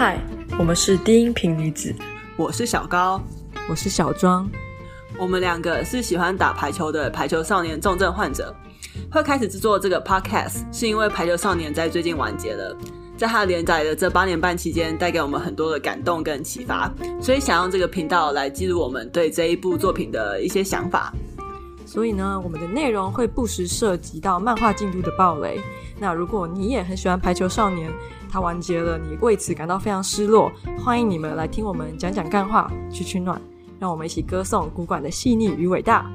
嗨，Hi, 我們是低音頻女子，我是小高，我是小莊，我們兩個是喜歡打排球的排球少年重症患者。會開始製作這個 podcast 是因為《排球少年》在最近完結了，在他連載的這八年半期間，帶給我們很多的感動跟啟發，所以想用這個頻道來記錄我們對這一部作品的一些想法。所以呢，我們的內容會不時涉及到漫畫進度的爆雷。那如果你也很喜歡《排球少年》，它完結了，你為此感到非常失落。歡迎你們來聽我們講講乾話，去取暖，讓我們一起歌頌古館的細膩與偉大。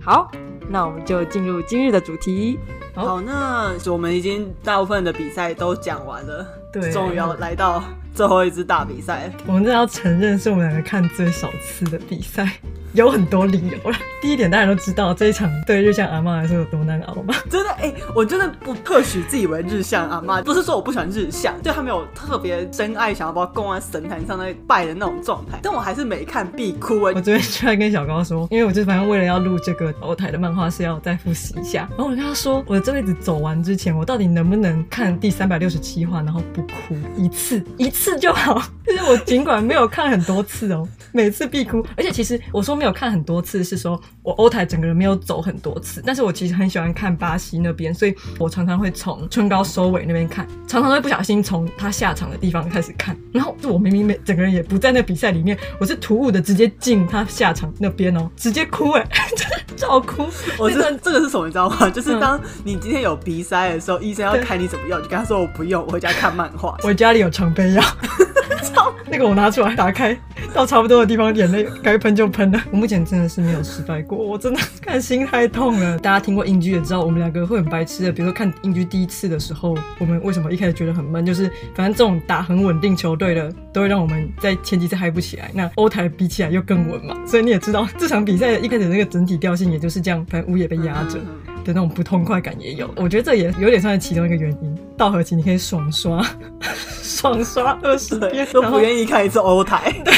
好，那我們就進入今日的主題。哦、好，那我們已經大部分的比賽都講完了，終於對要來到最後一支大比賽。我們這要承認，是我們兩個看最少次的比賽。有很多理由。第一點，大家都知道這一場，對，日向阿媽來說有多難熬嗎？真的，哎、欸，我真的不特許自以為日向阿媽，不是說我不喜歡日向，就她沒有特別真愛，想要把我供在神壇上那裡拜的那種狀態。但我還是每看必哭。我昨天居然跟小高說，因為我就是反正為了要錄這個鷗台的漫畫是要再複習一下，然後我跟他說，我這輩子走完之前，我到底能不能看第三百六十七話，然後不哭一次，一次就好。就是我儘管沒有看很多次哦、喔， 每次必哭，而且其實我說沒有。我有看很多次，是說我鷗台整個人沒有走很多次，但是我其實很喜歡看巴西那邊，所以我常常會從春高收尾那邊看，常常會不小心從他下場的地方開始看，然後就我明明沒，整個人也不在那比賽裡面，我是突兀的直接進他下場那邊哦、喔，直接哭哎、欸，真的照哭！我真的這個是什麼你知道嗎？就是當你今天有鼻塞的時候，嗯、醫生要看你怎麼用，就跟他說我不用，我回家看漫畫， 我家裡有常備藥，操 超，那個我拿出來打開。到差不多的地方，眼淚該噴就噴了。 我目前真的是沒有失敗過，我真的看 心太痛了。大家聽過音駒也知道，我們兩個會很白痴的。比如說看音駒第一次的時候，我們為什麼一開始覺得很悶？就是反正這種打很穩定球隊的，都會讓我們在前幾次嗨不起來。那歐台比起來又更穩嘛，所以你也知道這場比賽一開始那個整體調性也就是這樣，反正烏也被壓着。的那種不痛快感也有，我覺得這也有點算是其中一個原因。道和奇你可以爽刷，爽刷二十的，都不願意看一次歐台。對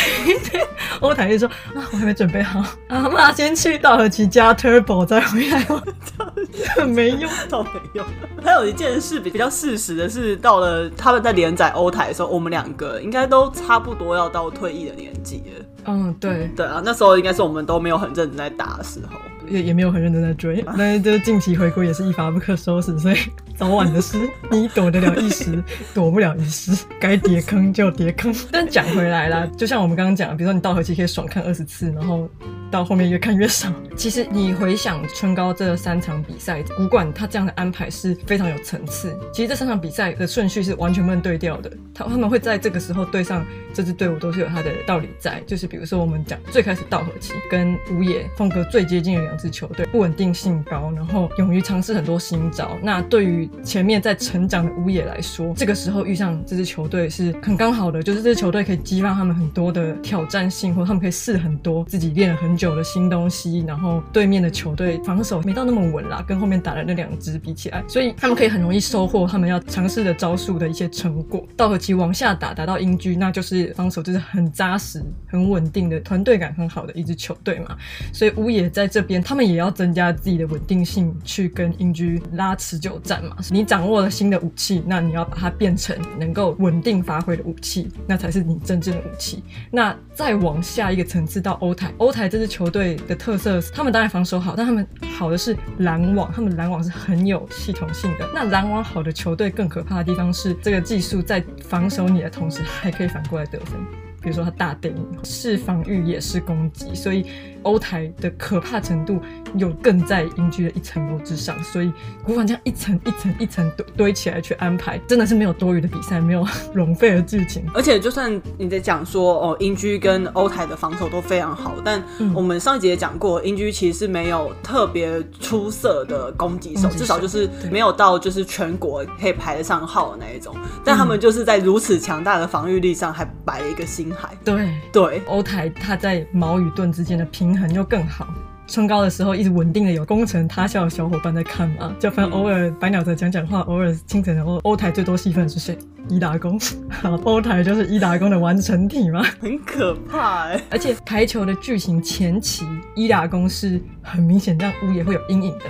歐 台就說啊，我還沒準備好啊，那先去道和奇加 turbo 再回來。我操，這沒用，超 沒用。還有一件事比比較事實的是，到了他們在連載歐台的時候，我們兩個應該都差不多要到退役的年紀了。嗯，對嗯。對啊，那時候應該是我們都沒有很認真在打的時候。也也沒有很認真在追，但是就是近期回顧也是一發不可收拾，所以。早晚的事，你躲得了一時，躲不了一世。該跌坑就跌坑。但講回來啦，就像我們剛剛講，比如說你稻荷崎可以爽看二十次，然後到後面越看越爽。其實你回想春高這三場比賽，古舘他這樣的安排是非常有層次。其實這三場比賽的順序是完全不能對調的。他他們會在這個時候對上這支隊伍，都是有他的道理在。就是比如說我們講最開始，稻荷崎跟烏野風格最接近的兩支球隊，不穩定性高，然後勇於嘗試很多新招。那對於前面在成長的烏野來說，這個時候遇上這支球隊是很剛好的，就是這支球隊可以激發他們很多的挑戰性，或者他們可以試很多自己練了很久的新東西。然後對面的球隊防守沒到那麼穩啦，跟後面打的那兩支比起來，所以他們可以很容易收穫他們要嘗試的招數的一些成果。稻荷崎往下打，打到音駒，那就是防守就是很紮實、很穩定的團隊感很好的一支球隊嘛。所以烏野在這邊，他們也要增加自己的穩定性，去跟音駒拉持久戰嘛。你掌握了新的武器，那你要把它變成能夠穩定發揮的武器，那才是你真正的武器。那再往下一個層次到鷗台，鷗台這支球隊的特色，他們當然防守好，但他們好的是攔網，他們攔網是很有系統性的。那攔網好的球隊更可怕的地方是，這個技術在防守你的同時，還可以反過來得分。比如說，他大電影是防禦也是攻擊，所以鷗台的可怕程度有更在音駒的一層樓之上。所以，古舘這樣一,一層一層一層堆堆起來去安排，真的是沒有多餘的比賽，沒有浪 費的劇情。而且，就算你在講說哦，音駒跟鷗台的防守都非常好，但我們上一集也講過，音駒其實是沒有特別出色的攻擊手，嗯、至少就是沒有到就是全國可以排得上號的那一種。嗯、但他們就是在如此強大的防御力上，還擺了一個星。對對，對歐台他在矛與盾之間的平衡又更好。春高的時候一直穩定的有工程他校的小伙伴在看嘛。啊、就反正偶爾白、嗯、鳥澤講講話，偶爾青城的時候歐，歐台最多戲份是誰？伊達工。歐台就是伊達工的完成體嗎？很可怕、欸。而且排球的劇情前期，伊達工是很明顯讓烏野會有陰影的。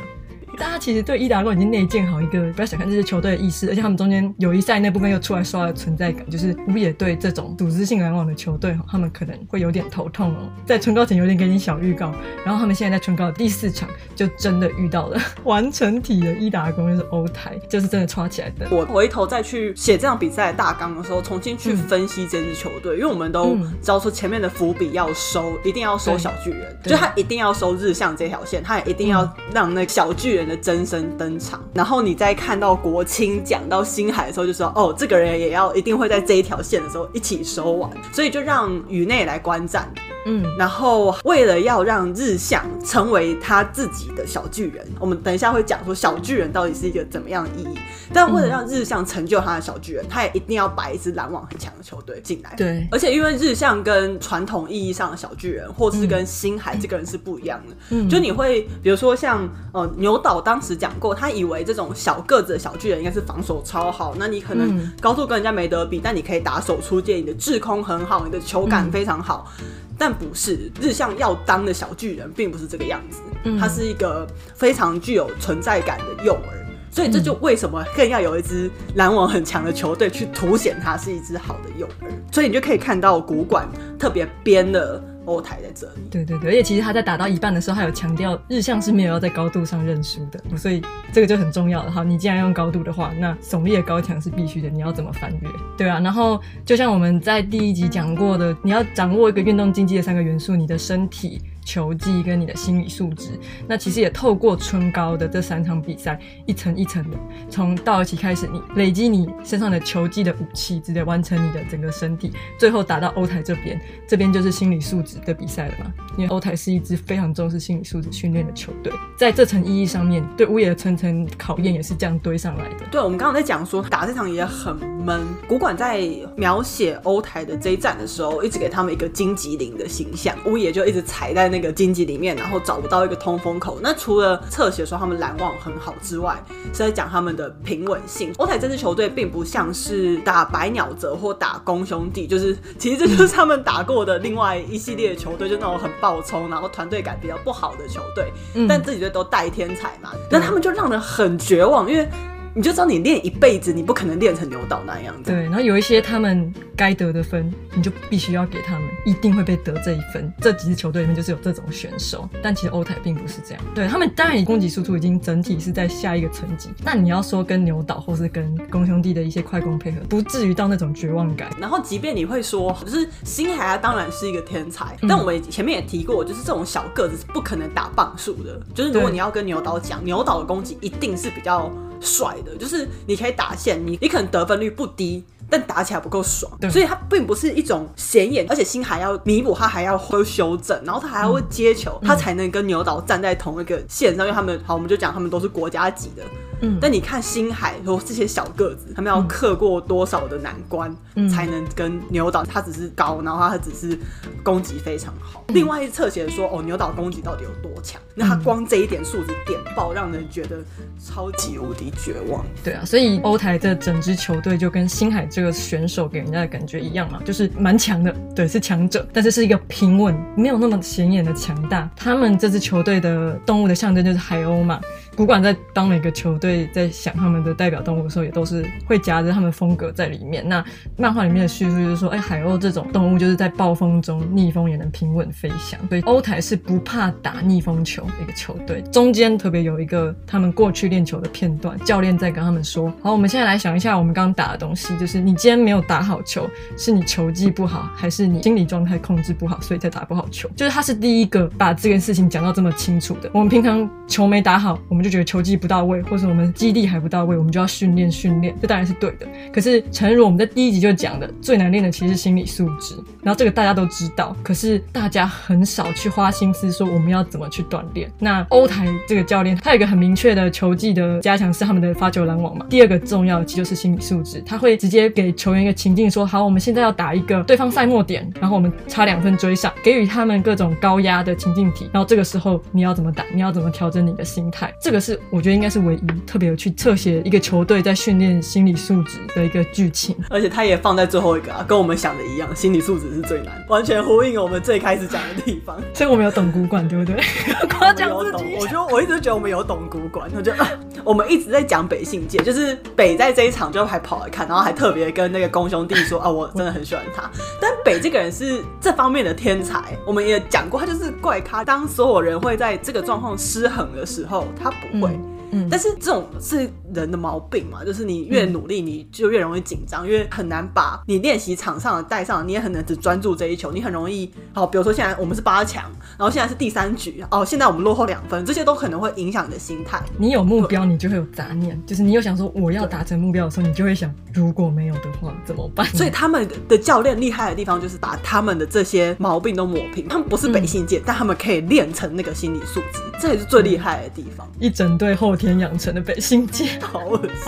大家其實對伊達工已經內建好一個不要小看這支球隊的意識，而且他們中間友誼賽那部分又出來刷了存在感，就是烏野隊這種組織性來往的球隊，哈，他們可能會有點頭痛哦、喔。在春高前有點給你小預告，然後他們現在在春高的第四場就真的遇到了完成體的伊達工，就是鷗台，就是真的刷起來的。我回頭再去寫這場比賽大綱的時候，重新去分析這支球隊，嗯、因為我們都知道說前面的伏筆要收，一定要收小巨人，對就他一定要收日向這條線，他也一定要讓那個小巨人。的真身登場，然後你再看到國青講到星海的時候，就說哦，這個人也要一定會在這一條線的時候一起收完，所以就讓宇內來觀戰。嗯，然後為了要讓日向成為他自己的小巨人，我們等一下會講說小巨人到底是一個怎麼樣的意義。但為了讓日向成就他的小巨人，他也一定要擺一支攔網很強的球隊進來。對，而且因為日向跟傳統意義上的小巨人，或是跟星海這個人是不一樣的。嗯，就你會比如說像呃牛島當時講過，他以為這種小個子的小巨人應該是防守超好，那你可能高度跟人家沒得比，嗯，但你可以打手出界，你的滯空很好，你的球感非常好。但不是，日向要當的小巨人，並不是這個樣子。嗯，他是一個非常具有存在感的幼兒。所以這就為什麼更要有一支攔網很強的球隊去凸顯它，是一支好的誘餌，所以你就可以看到古館特別編的鷗台在這裡。對對對，而且其實他在打到一半的時候，還有強調日向是沒有要在高度上認輸的，所以這個就很重要了哈。你既然要用高度的話，那聳立的高牆是必須的，你要怎麼翻越？對啊，然後就像我們在第一集講過的，你要掌握一個運動競技的三個元素，你的身體。球技跟你的心理素質，那其實也透過春高的這三場比賽，一層一層的，從稻荷崎開始，你累積你身上你的球技的武器，直接完成你的整個身體，最後打到鷗台這邊，這邊就是心理素質的比賽了嘛？因為鷗台是一支非常重視心理素質訓練的球隊，在這層意義上面，對烏野的層層考驗也是這樣堆上來的。對，我們剛剛在講說打這場也很悶，古舘在描寫鷗台的這一戰的時候，一直給他們一個荊棘林的形象，烏野就一直踩在那個。一個經濟裡面，然後找不到一個通風口。那除了側寫說他們攔網很好之外，是在講他們的平穩性。鷗台這支球隊並不像是打白鳥澤或打宮兄弟，就是其實這就是他們打過的另外一系列球隊，就那種很暴衝，然後團隊感比較不好的球隊。嗯、但自己隊都帶天才嘛，那他們就讓人很絕望，因為。你就知道你練一輩子，你不可能練成牛島那樣子。對，然後有一些他們該得的分，你就必須要給他們，一定會被得這一分。這幾支球隊裡面就是有這種選手，但其實歐台並不是這樣。對，他們當然以攻擊輸出已經整體是在下一個層級。那、嗯、你要說跟牛島或是跟宮兄弟的一些快攻配合，不至於到那種絕望感。然後，即便你會說，就是星海啊當然是一個天才，嗯、但我們前面也提過，就是這種小個子是不可能打棒數的。就是如果你要跟牛島講，對牛島的攻擊一定是比較。帥的，就是你可以打線，你你可能得分率不低，但打起來不夠爽，對所以他並不是一種顯眼，而且心還要彌補，他還要會修正，然後他還要會接球，他、嗯、才能跟牛島站在同一個線上，因為他們好，我們就講他們都是國家級的。嗯，但你看星海和這些小個子，他們要克過多少的難關，嗯、才能跟牛島？他只是高，然後他只是攻擊非常好。嗯、另外一側寫的說，哦，牛島攻擊到底有多強？嗯、那他光這一點數字點爆，讓人覺得超級無敵絕望。對啊，所以歐台的整支球隊就跟星海這個選手給人家的感覺一樣嘛，就是蠻強的，對，是強者，但是是一個平穩，沒有那麼顯眼的強大。他們這支球隊的動物的象徵就是海鷗嘛。不管在當每個球隊在想他們的代表動物的時候，也都是會夾着他們風格在裡面。那漫畫裡面的敘述就是說，哎，海鷗這種動物就是在暴風中逆風也能平穩飛翔，所以鷗台是不怕打逆風球一個球隊。中間特別有一個他們過去練球的片段，教練在跟他們說：“好，我們現在來想一下我們剛剛打的東西，就是你今天沒有打好球，是你球技不好，還是你心理狀態控制不好，所以才打不好球？就是他是第一個把這件事情講到這麼清楚的。我們平常球沒打好，我們就。就覺得球技不到位，或是我們基地還不到位，我們就要訓練訓練，這當然是對的。可是，誠如我們在第一集就講的，最難練的其實是心理素質。然後這個大家都知道，可是大家很少去花心思說我們要怎麼去鍛鍊。那歐台這個教練，他有一個很明確的球技的加強，是他們的發球攔網嘛。第二個重要的其實就是心理素質，他會直接給球員一個情境說，說好，我們現在要打一個對方賽末點，然後我們差兩分追上，給予他們各種高壓的情境體，然後這個時候你要怎麼打，你要怎麼調整你的心態，這個。是，我覺得應該是唯一特別有去側寫一個球隊在訓練心理素質的一個劇情，而且他也放在最後一個、啊，跟我們想的一樣，心理素質是最難，完全呼應我們最開始講的地方。所以我們有懂古管，對不對？誇獎自己。有懂，我覺得我一直覺得我們有懂古管，我覺得、啊、我們一直在講北信介，就是北在這一場就還跑來看，然後還特別跟那個公兄弟說啊，我真的很喜歡他。但北這個人是這方面的天才，我們也講過，他就是怪咖。當所有人會在這個狀況失衡的時候，他不。會，嗯，嗯、但是這種是。人的毛病嘛，就是你越努力，你就越容易緊張，嗯、因為很難把你練習場上的帶上，你也很難只專注這一球，你很容易。好，比如說現在我們是八強，然後現在是第三局，哦，現在我們落後兩分，這些都可能會影響你的心態。你有目標對，你就會有雜念，就是你又想說我要達成目標的時候，對你就會想如果沒有的話怎麼辦？所以他們的教練厲害的地方就是把他們的這些毛病都抹平，他們不是北信介，嗯、但他們可以練成那個心理素質，這也是最厲害的地方。嗯、一整隊後天養成的北信介。嗯好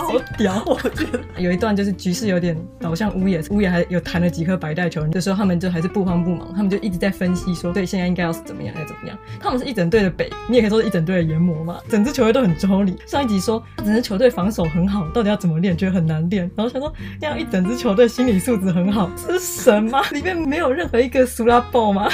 好屌！我覺得 有一段就是局勢有點倒向烏野，烏野還有彈了幾顆白帶球，這時候他們就還是不慌不忙，他們就一直在分析說，對現在應該要是怎麼樣，還是怎麼樣。他們是一整隊的北，你也可以說是一整隊的研磨嘛，整支球隊都很抽離。上一集說整支球隊防守很好，到底要怎麼練？覺得很難練，然後想說這樣一整支球隊心理素質很好，是神嗎？ 裡面沒有任何一個蘇拉爆嗎？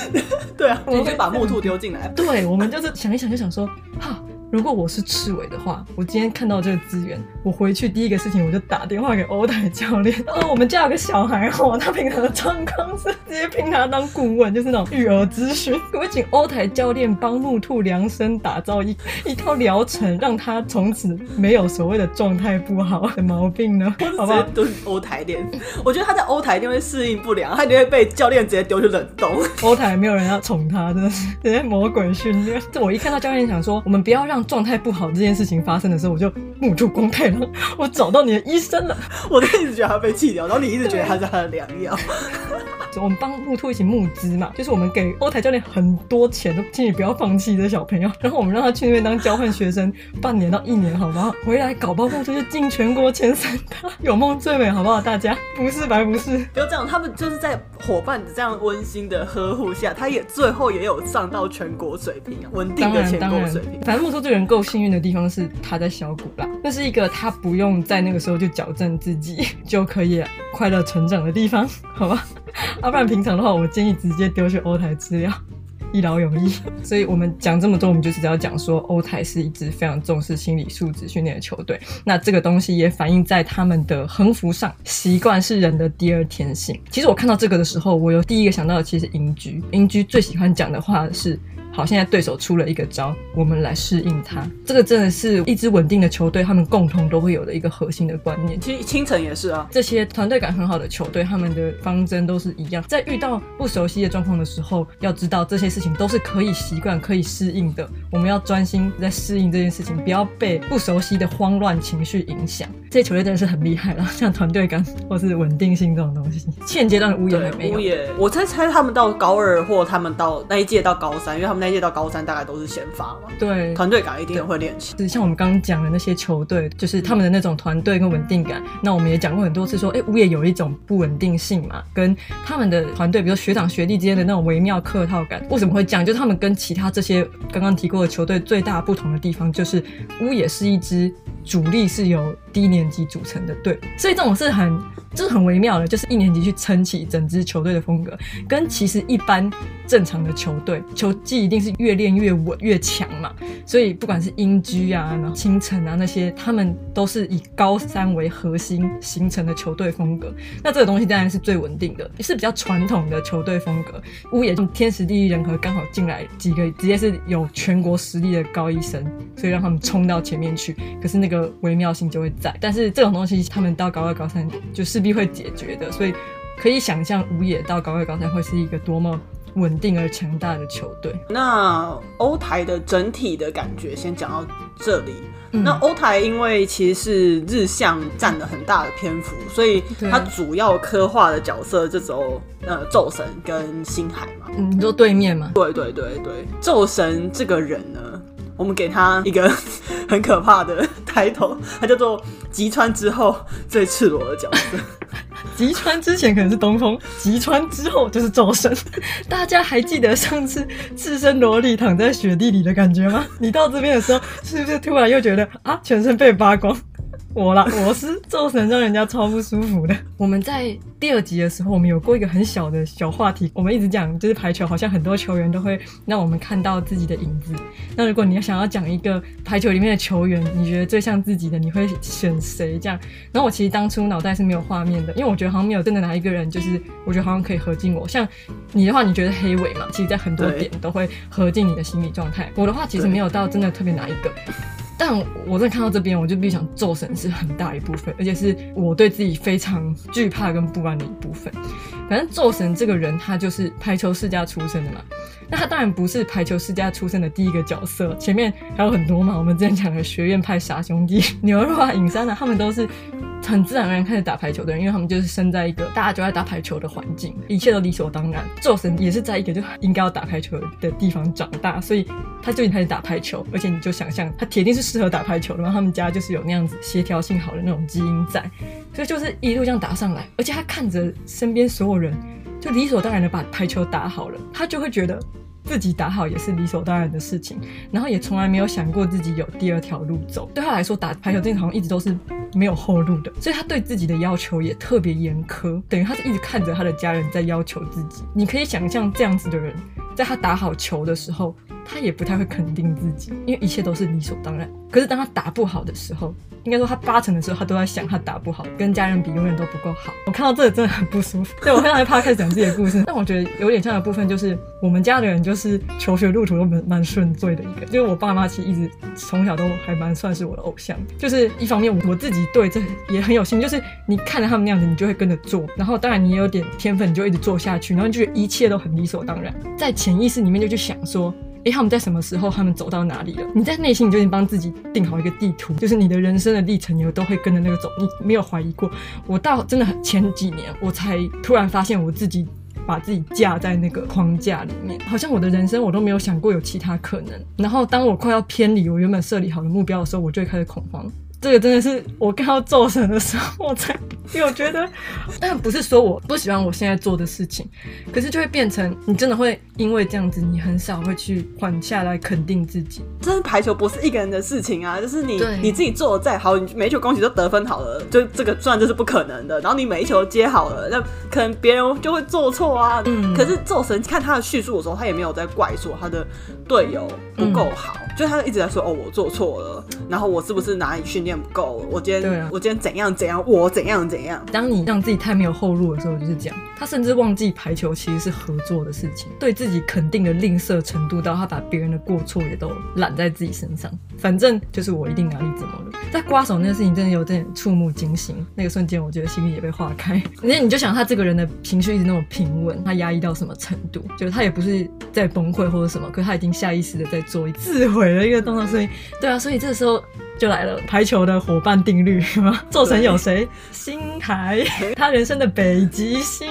對啊，我們就把木兔丟進來、 嗯。對，我們就是想一想就想說，哈。如果我是赤葦的話，我今天看到這個資源，我回去第一個事情我就打電話給鷗台教練。哦，我們家有個小孩，哦，他平常的狀況是直接聘他當顧問，就是那種育兒諮詢。我請鷗台教練幫木兔量身打造一一套療程，讓他從此沒有所謂的狀態不好的毛病呢。好吧，都是鷗台練。我覺得他在鷗台一定會適應不良，他一定會被教練直接丟去冷凍。鷗台沒有人要寵他，真的是直接魔鬼訓練。這我一看到教練想說，我們不要讓。狀態不好這件事情發生的時候，我就目睹光太郎，我找到你的醫生了。 我就一直覺得他被氣掉，然後你一直覺得他是他的良藥。 我們幫木兔一起募資嘛，就是我們給歐台教練很多錢，都請你不要放棄這小朋友。然後我們讓他去那邊當交換學生半年到一年，好不好？回來搞不好就是進全國前三大，有夢最美，好不好？大家不是白不是，不要這樣。他們就是在夥伴這樣溫馨的呵護下，他也最後也有上到全國水平啊，穩定的全國水平。反正木兔這人夠幸運的地方是他在梟谷啦，那是一個他不用在那個時候就矯正自己就可以快樂成長的地方，好吧？阿、 啊、不然平常的話，我建議直接丟去歐台資料，一勞永逸。所以我們講這麼多，我們就只要講說，歐台是一支非常重視心理素質訓練的球隊。那這個東西也反映在他們的橫幅上，習慣是人的第二天性。其實我看到這個的時候，我有第一個想到的，其實是英居，英居最喜歡講的話是。好，現在對手出了一個招，我們來適應他。這個真的是一支穩定的球隊，他們共同都會有的一個核心的觀念。其實清,青城也是啊，這些團隊感很好的球隊，他們的方針都是一樣。在遇到不熟悉的狀況的時候，要知道這些事情都是可以習慣、可以適應的。我們要專心在適應這件事情，不要被不熟悉的慌亂情緒影響。這些球隊真的是很厲害了，像團隊感或是穩定性這種東西。現階段的烏野還沒有。烏野，我在猜他們到高二或他們到那一屆到高三，因為他們。開業、欸、到高三大概都是先發嘛，對，團隊感一定會練起。是像我們剛剛講的那些球隊，就是他們的那種團隊跟穩定感。那我們也講過很多次說，說、欸、哎，鷗台有一種不穩定性嘛，跟他們的團隊，比如學長學弟之間的那種微妙客套感，為什麼會講？就是、他們跟其他這些剛剛提過的球隊最大不同的地方，就是、嗯、鷗台是一支。主力是由低年級組成的隊，所以這種是很，就是很微妙的，就是一年級去撐起整支球隊的風格，跟其實一般正常的球隊球技一定是越練越穩越強嘛。所以不管是音駒啊、青城啊那些，他們都是以高三為核心形成的球隊風格。那這個東西當然是最穩定的，也是比較傳統的球隊風格。烏野中天時地利人和剛好進來幾個，直接是有全國實力的高一生，所以讓他們衝到前面去。嗯、可是那個。微妙性就會在，但是這種東西他們到高二高三就勢必會解決的，所以可以想象五野到高二高三會是一個多麼穩定而強大的球隊。那歐台的整體的感覺先講到這裡。嗯、那歐台因為其實是日向占了很大的篇幅，所以他主要刻畫的角色這種呃晝神跟星海嘛，你說對面嘛。對對對對，晝神這個人呢？我們給他一個很可怕的 title，他叫做及川之後最赤裸的角色。及川之前可能是東風，及川之後就是晝神。大家還記得上次赤身裸體躺在雪地裡的感覺嗎？你到這邊的時候，是不是突然又覺得啊，全身被扒光？我了，我是晝神，讓人家超不舒服的。 我們在第二集的時候，我們有過一個很小的小話題，我們一直講就是排球，好像很多球員都會讓我們看到自己的影子。那如果你要想要講一個排球裡面的球員，你覺得最像自己的，你會選誰？這樣？然後我其實當初腦袋是沒有畫面的，因為我覺得好像沒有真的哪一個人，就是我覺得好像可以合進我。像你的話，你覺得黑尾嘛，其實在很多點都會合進你的心理狀態。對我的話，其實沒有到真的特別哪一個。但我在看到這邊，我就必須想，晝神是很大一部分，而且是我對自己非常懼怕跟不安的一部分。反正晝神這個人，他就是排球世家出身的嘛。那他當然不是排球世家出身的第一個角色，前面還有很多嘛。我們之前講的學院派傻兄弟、牛肉啊、影山啊，他們都是。很自然而然開始打排球的人，因為他們就是生在一個大家就愛打排球的環境，一切都理所當然。晝神也是在一個就應該要打排球的地方長大，所以他就開始打排球，而且你就想象他鐵定是適合打排球的，然後他們家就是有那樣子協調性好的那種基因在，所以就是一路這樣打上來，而且他看着身邊所有人就理所當然的把排球打好了，他就會覺得，自己打好也是理所當然的事情，然後也從來沒有想過自己有第二條路走。對他來說，打排球這好像一直都是沒有後路的，所以他對自己的要求也特別嚴苛，等於他是一直看着他的家人在要求自己。你可以想象這樣子的人，在他打好球的時候。他也不太會肯定自己，因為一切都是理所當然。可是當他打不好的時候，應該說他八成的時候，他都在想他打不好，跟家人比永遠都不夠好。我看到這個真的很不舒服，以 我非常害怕開始講自己的故事。 但我覺得有點像的部分就是，我們家的人就是求學路途都蠻蠻順遂的，一個因為我爸媽其實一直從小都還蠻算是我的偶像的。就是一方面我自己對這也很有興趣，就是你看着他們那樣子，你就會跟着做。然後當然你也有點天分，你就一直做下去，然後就覺得一切都很理所當然，在潛意識裡面就去想說。誒他們在什麼時候？他們走到哪裡了？你在內心你就已經幫自己定好一個地圖，就是你的人生的歷程，你都會跟着那個走。你沒有懷疑過。我到真的前幾年，我才突然發現我自己把自己架在那個框架裡面，好像我的人生我都沒有想過有其他可能。然後，當我快要偏離我原本設立好的目標的時候，我就會開始恐慌。這個真的是我看到晝神的時候，我才因為我覺得， 但不是說我不喜歡我現在做的事情，可是就會變成你真的會因為這樣子，你很少會去緩下來肯定自己。這是排球不是一個人的事情啊，就是你對你自己做的再好，你每一球恭喜都得分好了，就這個賺就是不可能的。然後你每一球接好了，嗯、那可能別人就會做錯啊。嗯、可是晝神看他的敘述的時候，他也沒有在怪說他的隊友不夠好。嗯就他一直在說哦，我做錯了，然後我是不是哪裡訓練不夠了？我今天對啊，我今天怎樣怎樣，我怎樣怎樣。當你讓自己太沒有後路的時候，就是這樣。他甚至忘記排球其實是合作的事情，對自己肯定的吝嗇程度到他把別人的過錯也都攬在自己身上。反正就是我一定哪裡怎麼了。在刮手那個事情真的有點觸目驚心，那個瞬間我覺得心裡也被劃開。那你就想他這個人的情緒一直那麼平穩，他壓抑到什麼程度？就是他也不是。在崩潰或者什麼，可是他已經下意識的在做一次自毀的一個動作，所以對啊，所以這個時候就來了排球的夥伴定律是嗎？宙對神有誰？星海，他人生的北極星。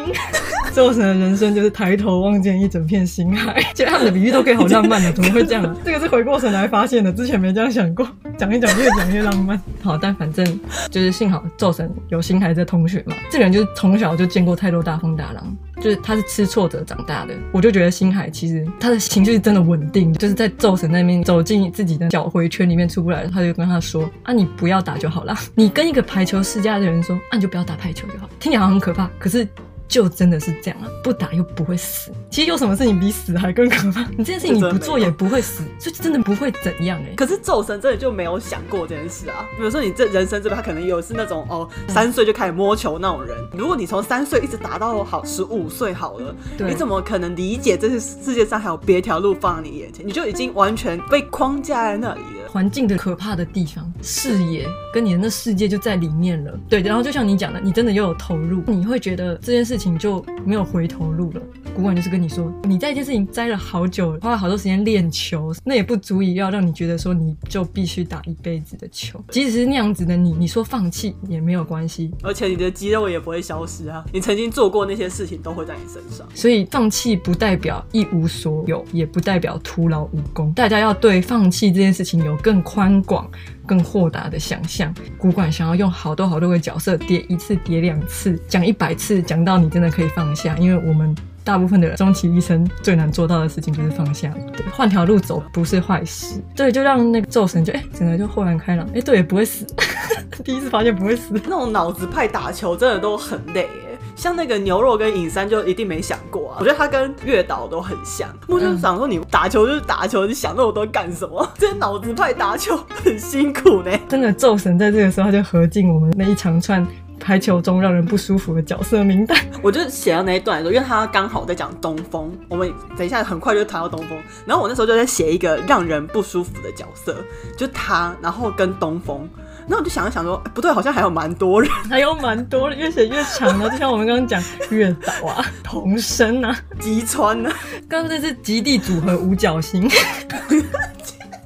宙 神的人生就是抬頭望見一整片星海。 其實他們的比喻都可以好浪漫了，喔，怎麼會這樣、啊、 這個是回過神來發現的，之前沒這樣想過。講一講，越講越浪漫。 好，但反正就是幸好宙神有星海的同學嘛，這個人就是從小就見過太多大風大浪。就是他是吃挫折長大的，我就覺得星海其實他的情緒是真的穩定，就是在晝神那邊走進自己的腳回圈裡面出不來，他就跟他說：“啊，你不要打就好了。”你跟一個排球世家的人說：“啊，你就不要打排球就好。”聽起來好像很可怕，可是。就真的是這樣啊，不打又不會死。其實有什麼事情比死還更可怕？ 你這件事情你不做也不會死，所以真，真的不會怎樣哎、欸。可是晝神真的就沒有想過這件事啊？比如說你這人生這邊，他可能有是那種哦，嗯、三歲就開始摸球那種人。如果你從三歲一直打到好十五歲好了，對你怎麼可能理解這是世界上還有別條路放在你眼前？你就已經完全被框架在那裡了。環境的可怕的地方，視野跟你的那世界就在裡面了。對，然後就像你講的，你真的又有投入，你會覺得這件事情就沒有回頭路了。古舘就是跟你說，你在一件事情栽了好久，花了好多時間練球，那也不足以要讓你覺得說你就必須打一輩子的球。即使是那樣子的你，你說放棄也沒有關係，而且你的肌肉也不會消失啊，你曾經做過那些事情都會在你身上。所以放棄不代表一無所有，也不代表徒勞無功。大家要對放棄這件事情有，更寬廣、更豁達的想象，古館想要用好多好多個角色疊一次、疊兩次，講一百次，講到你真的可以放下。因為我們大部分的人終其一生最難做到的事情就是放下。換條路走不是壞事。對，就讓那個晝神就哎、欸，整個就豁然開朗。哎、欸，對，不會死。 第一次發現不會死，那種腦子派打球真的都很累耶。像那個牛肉跟隱山就一定沒想過啊！我覺得他跟月島都很像。木村長說：“你打球就是打球，你想那麼多幹什麼？ 這些腦子派打球很辛苦嘞、欸。”真的，晝神在這個時候就合進我們那一長串排球中讓人不舒服的角色名單。我就寫到那一段的時候，因為他剛好在講東風，我們等一下很快就談到東風。然後我那時候就在寫一個讓人不舒服的角色，就他，然後跟東風。那我就想了想說，欸、不對，好像還有蠻多人，還有蠻多人，越寫越長了。 就像我們剛剛講，月島啊，童聲啊，吉川啊，剛剛那是極地組合五芒星，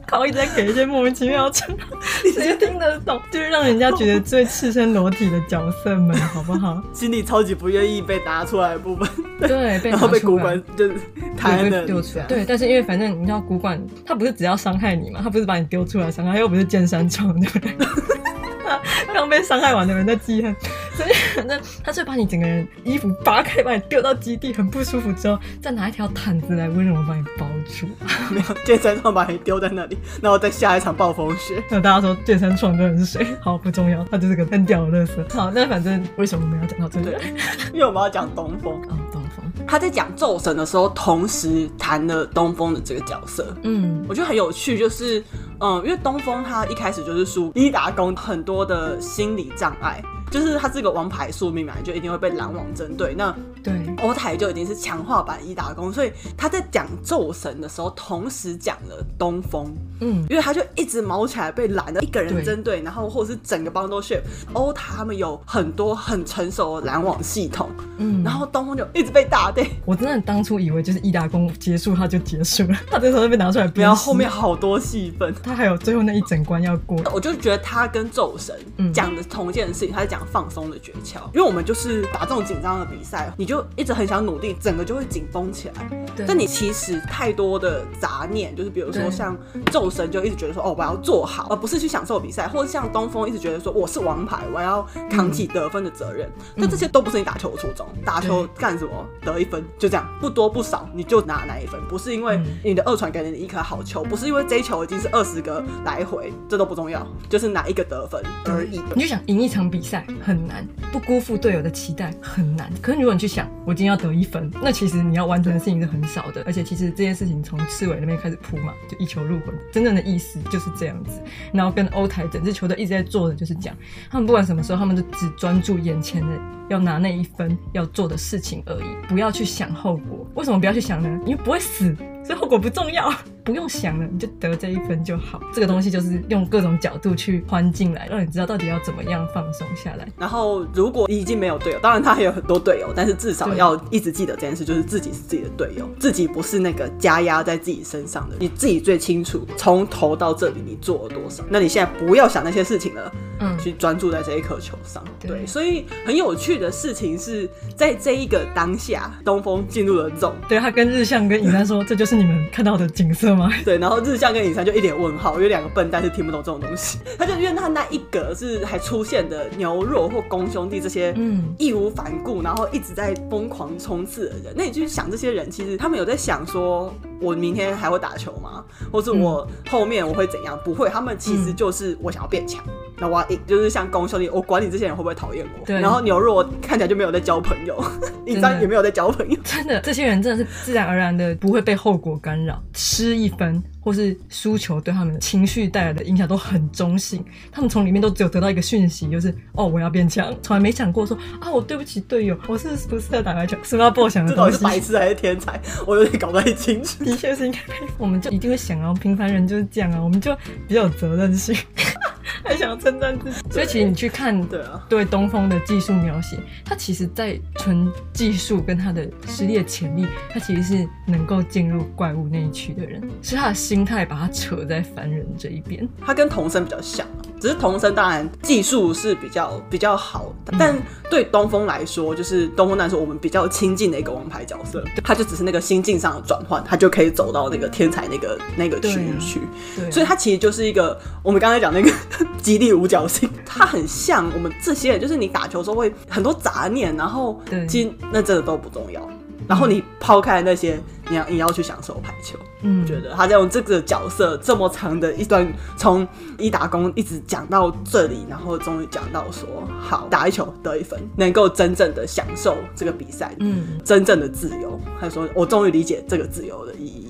靠一直在給一些莫名其妙的稱號。直接聽得懂，就是讓人家覺得最赤身裸體的角色們，好不好？ 心裡超級不願意被拿出來的部分，對，對被然後被古舘就，就抬對了出來。對，但是因為反正你知道，古舘，他不是只要傷害你嘛，他不是把你丟出來傷害，他又不是劍山床，對不對？ 剛 被傷害完的人在記恨，所以反正他就把你整個人衣服扒開，把你丟到基地，很不舒服。之後再拿一條毯子來，溫柔地把你包住？ 沒有，健山創把你丟在那裡，然後再下一場暴風雪。那大家說健山創這個人是誰？好，不重要，他就是個掉屌的垃圾。好，那反正為什麼我們要講到這個？對，因為我們要講東風。嗯、哦，東風。他在講晝神的時候，同時談了東風的這個角色。嗯，我覺得很有趣，就是。嗯，因為東峰他一開始就是輸伊達工很多的心理障礙，就是他這個王牌宿命嘛、啊，你就一定會被狼王針對。那對。歐台就已經是強化版伊達工，所以他在講晝神的時候，同時講了東風。嗯，因為他就一直毛起來被攔，一個人針對，對然後或者是整個幫都 shift。歐台他們有很多很成熟的攔網系統，嗯，然後東風就一直被打電。我真的當初以為就是伊達工結束，他就結束了，他這時候被拿出來，不要後,後面好多戲份，他還有最後那一整關要過。嗯、我就覺得他跟晝神講的同一件事情，他在講放鬆的訣竅，因為我們就是打這種緊張的比賽，你就一。是很想努力，整個就會緊繃起來。對但你其實太多的雜念，就是比如說像晝神就一直覺得說，對哦，我要做好，而不是去享受比賽，或者像東峰一直覺得說，我是王牌，我要扛起得分的責任。那、嗯、這些都不是你打球的初衷，打球幹什麼？得一分就這樣，不多不少，你就拿哪一分？不是因為你的二傳給了你的一顆好球，不是因為這一球已經是二十個來回，這都不重要，就是哪一個得分而已。你就想贏一場比賽很難，不辜負隊友的期待很難。可是如果你去想我。一定要得一分，那其實你要完成的事情是很少的。對而且其實這件事情從赤葦那邊開始鋪嘛，就一球入魂，真正的意思就是這樣子。然後跟歐台整支球隊一直在做的就是講，他們不管什麼時候，他們都只專注眼前的，要拿那一分要做的事情而已，不要去想後果。為什麼不要去想呢？因為不會死，所以後果不重要，不用想了，你就得這一分就好。這個東西就是用各種角度去框進來，讓你知道到底要怎麼樣放鬆下來。然後，如果你已經沒有隊友，當然他還有很多隊友，但是至少要一直記得這件事，就是自己是自己的隊友，對自己不是那個加壓在自己身上的。你自己最清楚，從頭到這裡你做了多少。那你現在不要想那些事情了，嗯，去專注在這一顆球上。嗯、對，所以很有趣。的事情是在這一個當下，東風進入了總，對他跟日向跟尹山說：“ 這就是你們看到的景色嗎？”對，然後日向跟尹山就一臉問號，因為兩個笨蛋是聽不懂這種東西。他就因為他那一格是還出現的牛肉或公兄弟這些，嗯，義無反顧，然後一直在瘋狂衝刺的人。嗯、那你就想這些人，其實他們有在想說：“我明天還會打球嗎？或是我後面我會怎樣？”不會，他們其實就是我想要變強。那、嗯、我 h 就是像公兄弟，我管你這些人會不會討厭我，對。然後牛肉。看起來就沒有在交朋友， 一張也沒有在交朋友。真，的 真的， 這些人真的是自然而然的不會被後果干擾，失一分或是輸球對他們情緒帶來的影響都很中性。他們從裡面都只有得到一個訊息，就是哦，我要變強，從來沒想過說啊，我對不起隊友我，我是不是不適合打排球 s m 不想的東西，是白痴還是天才，我有點搞不太清楚。的確是應該，我們就一定會想啊，平凡人就是這樣啊，我們就比較有責任心，還想要稱讚自己。對所以其實你去看的，對東峰的技術描寫。他其實，在純技術跟他的實力的潛力，他其實是能夠進入怪物那一區的人。是他的心態把他扯在凡人這一邊。他跟童生比較像，只是童生當然技術是比較比較好，嗯、但對東峰來說，就是東峰來說我們比較親近的一個王牌角色。對他就只是那個心境上的轉換，他就可以走到那個天才那個那個區域去。對啊、對，所以他其實就是一個我們剛才講那個極地五芒星。他很像我們這些人，就是你打球的時候會很多雜念，然後金對那真的都不重要。然後你拋開那些，你要你要去享受排球。嗯，我覺得他在用這個角色這麼長的一段，從一打工一直講到這裡，然後終於講到說，好打一球得一分，能夠真正的享受這個比賽，嗯，真正的自由。他說我終於理解這個自由的意義。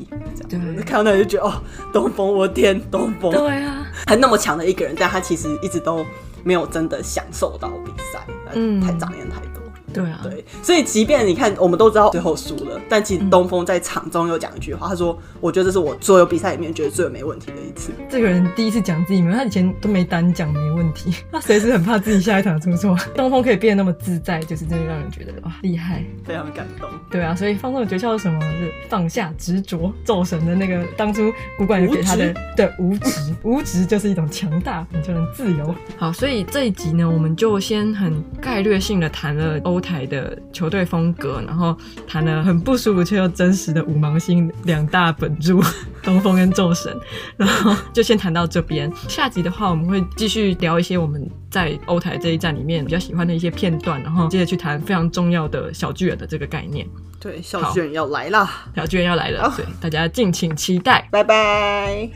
這樣對看到那就覺得哦，東峰，我的天，東峰。對啊，還那麼強的一個人，但他其實一直都。沒有真的享受到比賽，年嗯，太雜念，太多。對啊，對，所以即便你看，我們都知道最後輸了，但其實東風在場中又講一句話，嗯、他說：“我覺得這是我所有比賽裡面覺得最有沒問題的一次。”這個人第一次講自己沒，他以前都沒膽講沒問題，他隨時很怕自己下一場出錯。 對東風可以變得那麼自在，就是真的讓人覺得哇，厲害，非常感動。對啊，所以放鬆的訣竅是什麼？是放下執着。晝神的那個當初古館給他的的無執職，無執就是一種強大，你就能自由。好，所以這一集呢，我們就先很概略性的談了鷗台的球隊風格，然後談了很不舒服卻又真實的五芒星兩大本柱東風跟晝神，然後就先談到這邊。下集的話，我們會繼續聊一些我們在鷗台這一站裡面比較喜歡的一些片段，然後接着去談非常重要的小巨人的這個概念。對，小巨人要來了，小巨人要來了，哦、對，大家敬請期待，拜拜。